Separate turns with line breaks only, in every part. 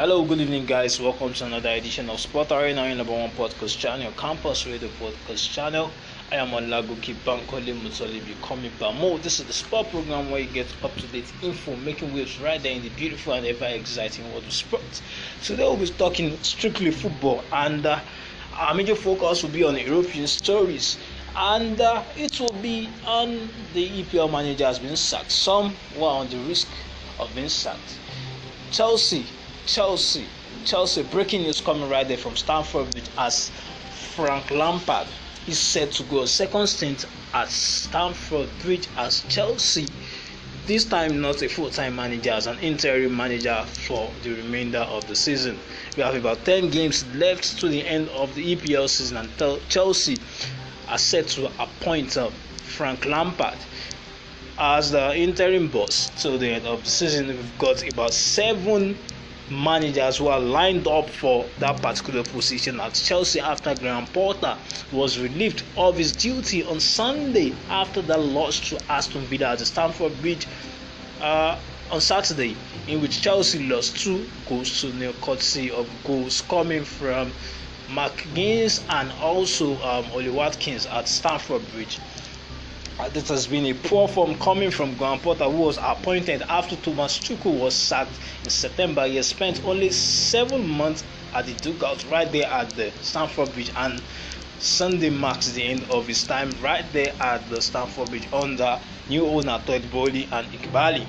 Hello, good evening, guys. Welcome to another edition of Sport Arena, your number one podcast channel, Campus Radio Podcast channel. I am Olagoki Bankole Mutolibi Komi more. This is the sport program where you get up to date info, making waves right there in the beautiful and ever exciting world of sport. Today, we'll be talking strictly football, and uh, our major focus will be on European stories. And uh, it will be on the EPL manager has been sacked. Some were on the risk of being sacked. Chelsea Chelsea. Chelsea breaking news coming right there from Stamford Bridge as Frank Lampard is set to go second stint at Stamford Bridge as Chelsea. This time, not a full time manager, as an interim manager for the remainder of the season. We have about 10 games left to the end of the EPL season, and Chelsea are set to appoint uh, Frank Lampard as the interim boss till the end of the season. We've got about seven managers who are lined up for that particular position at Chelsea after Graham Porter was relieved of his duty on Sunday after that loss to Aston Villa at the Stamford Bridge uh, on Saturday, in which Chelsea lost two goals to nil courtesy of goals coming from McGuinness and also um, Oli Watkins at Stamford Bridge. Uh, that has been a poor form coming from Graham Potter, who was appointed after Thomas Tuchel was sacked in September. He has spent only seven months at the Dugout, right there at the Stamford Bridge, and Sunday marks the end of his time right there at the Stamford Bridge under new owner Todd Bowley and Iqbali.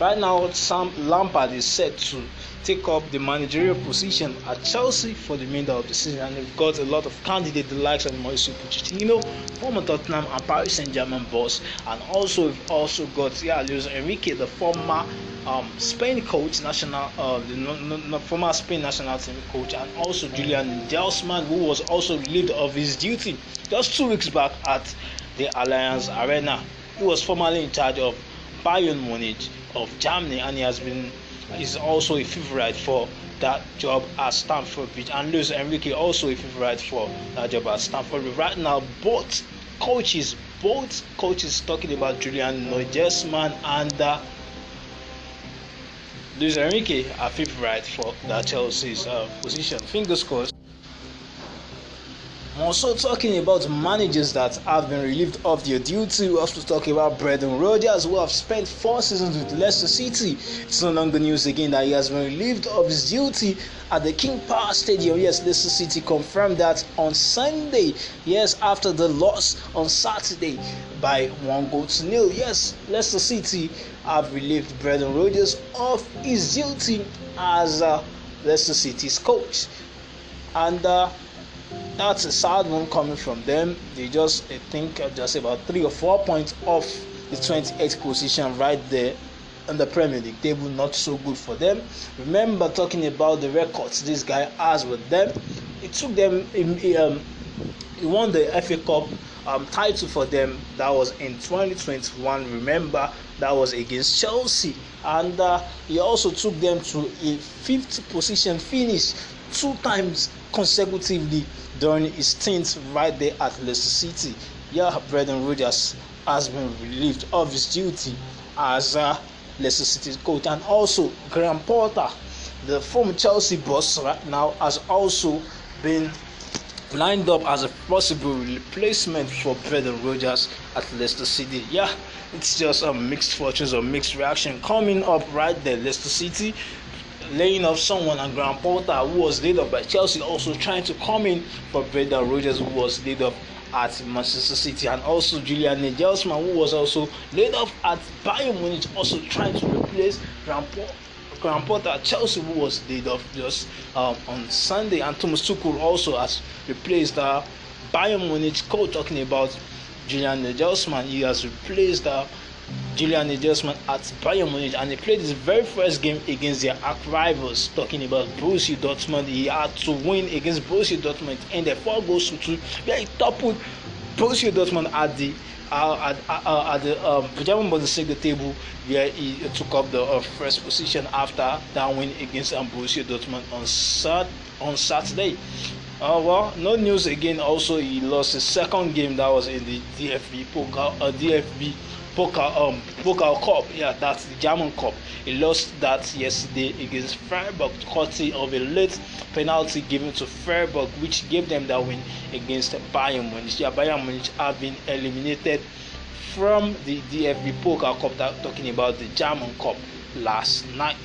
Right now, Sam Lampard is set to take up the managerial position at Chelsea for the remainder of the season, and they've got a lot of candidates the likes of Mauricio Pochettino, former Tottenham and Paris Saint-Germain boss, and also we've also got yeah, Luis Enrique, the former um, Spain coach, national, uh, the no, no, former Spain national team coach, and also Julian Delsman, who was also relieved of his duty just two weeks back at the Allianz Arena. He was formerly in charge of Bayern Munich of Germany, and he has been is also a favorite for that job at Stanford Bridge, and Luis Enrique also a favorite for that job at Stanford Bridge. Right now, both coaches, both coaches talking about Julian Nojesman and uh, Luis Enrique are favorite for that Chelsea's uh, position. Fingers crossed also talking about managers that have been relieved of their duty. We also talk about Brendan Rodgers, who have spent four seasons with Leicester City. It's no longer news again that he has been relieved of his duty at the King Power Stadium. Yes, Leicester City confirmed that on Sunday. Yes, after the loss on Saturday by one goal to nil. Yes, Leicester City have relieved Brendan Rodgers of his duty as uh, Leicester City's coach. And uh, that's a sad one coming from them. They just, I think, just about three or four points off the 28th position right there on the Premier League table. Not so good for them. Remember talking about the records this guy has with them. It took them. Um, he, um, he won the FA Cup um, title for them. That was in 2021. Remember that was against Chelsea, and uh, he also took them to a fifth position finish two times consecutively during his stint right there at Leicester City. Yeah, Brendan Rodgers has been relieved of his duty as Leicester City's coach, and also Graham Potter, the former Chelsea boss, right now has also been lined up as a possible replacement for Brendan Rodgers at Leicester City. Yeah, it's just a mixed fortunes or mixed reaction coming up right there. Leicester City laying off someone and Gran Potter who was laid off by Chelsea also trying to come in for Brendan Rodgers who was laid off at Manchester City and also Julian Nagelsmann who was also laid off at Bayern Munich also trying to replace Gran Potter Graham Potter, Chelsea who was laid off just um, on Sunday, and Thomas Tuchel also has replaced uh, Bayern Munich coach. Talking about Julian Nagelsmann, he has replaced uh, Julian Nagelsmann at Bayern Munich and he played his very first game against their arch rivals. Talking about Borussia Dortmund, he had to win against Borussia Dortmund in the four goals to two. Where he toppled Borussia Dortmund at the uh, at, uh, uh, at the um, German Bundesliga table, where he took up the uh, first position after that win against um, Borussia Dortmund on Sat on Saturday. Uh, well, no news again. Also, he lost his second game that was in the DFB Pokal, uh, DFB Poker um, poker Cup. Yeah, that's the German Cup. He lost that yesterday against Freiburg, courtesy of a late penalty given to Freiburg, which gave them that win against Bayern Munich. Yeah, Bayern Munich have been eliminated from the DFB Pokal Cup. That, talking about the German Cup last night.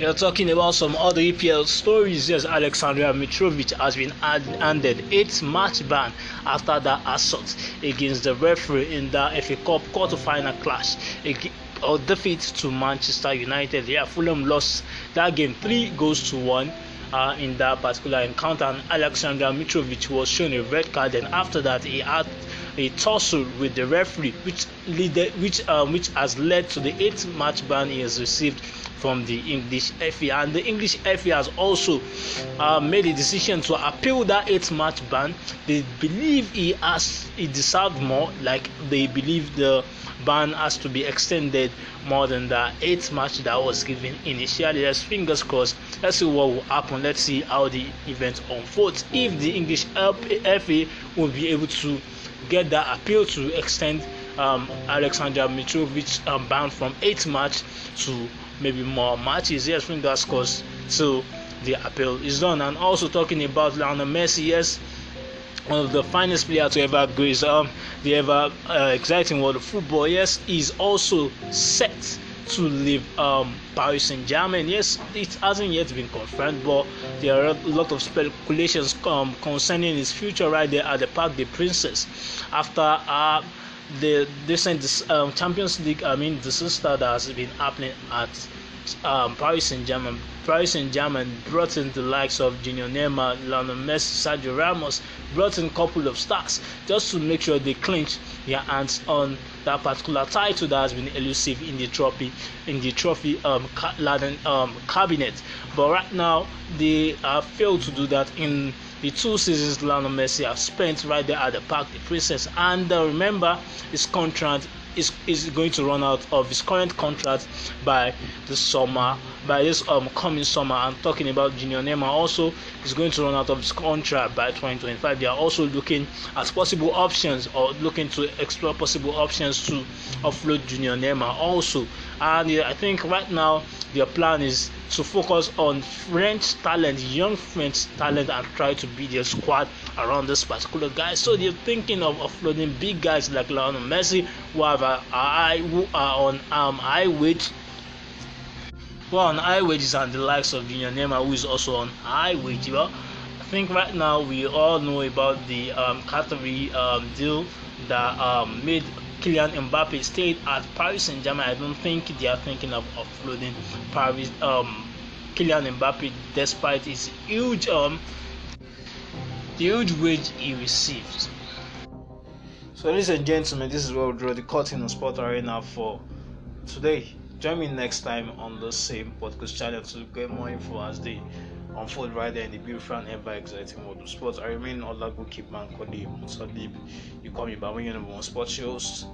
We are talking about some other EPL stories. Yes, Alexandria Mitrovic has been handed eight match ban after that assault against the referee in the FA Cup quarter-final clash or defeat to Manchester United. Yeah, Fulham lost that game three goals to one. Uh, in that particular encounter, and Alexander Mitrovic was shown a red card, and after that, he had a tussle with the referee, which which um, which has led to the eighth match ban he has received from the English FA. And the English FA has also uh, made a decision to appeal that eighth match ban. They believe he has he deserved more, like they believe the ban has to be extended more than the eighth match that was given initially. Let's fingers crossed. Let's see what will happen. Let's see how the event unfolds. If the English FA will be able to get that appeal to extend um, Alexander Mitrovic um, from eight match to maybe more matches. Yes, bring that scores so the appeal is done. And also talking about Lionel Messi, yes, one of the finest players to ever grace um, the ever uh, exciting world of football. Yes, is also set to leave um, Paris Saint Germain. Yes, it hasn't yet been confirmed, but there are a lot of speculations um, concerning his future right there at the Parc des Princes after. Uh, the recent um, Champions League, I mean, sister that has been happening at um, Paris Saint-Germain. Paris Saint-Germain brought in the likes of Junior Neymar, Lionel Messi, Sergio Ramos, brought in a couple of stars just to make sure they clinch their hands on that particular title that has been elusive in the trophy in the trophy um, um cabinet. But right now they have failed to do that in the two seasons Lionel Messi has spent right there at the park, the princess. And uh, remember his contract is is going to run out of his current contract by this summer, by this um coming summer. I'm talking about Junior Neymar. Also, is going to run out of his contract by 2025. They are also looking at possible options or looking to explore possible options to offload Junior Neymar. Also, and I think right now their plan is to focus on French talent, young French talent, and try to build their squad around this particular guy. So they're thinking of offloading big guys like Lionel Messi, who have a, a, who are on um, high wage. Well, on high wages and the likes of Junior Neymar, who is also on high wage. Well, I think right now we all know about the um, Qatari um, deal that um, made Kylian Mbappe stayed at Paris Saint Germain. I don't think they are thinking of offloading Paris um, Kylian Mbappe despite his huge um the huge wage he received. So, ladies and gentlemen, this is where we draw the curtain on spot Arena for today. Join me next time on the same podcast channel to get more info as they unfold right there in the beautiful and ever exciting world of sports. I remain keep man Kodi deep, You call me Bama Number One Sports Shows.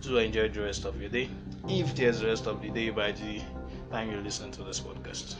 Do enjoy the rest of your day. If there's the rest of the day by the time you listen to this podcast.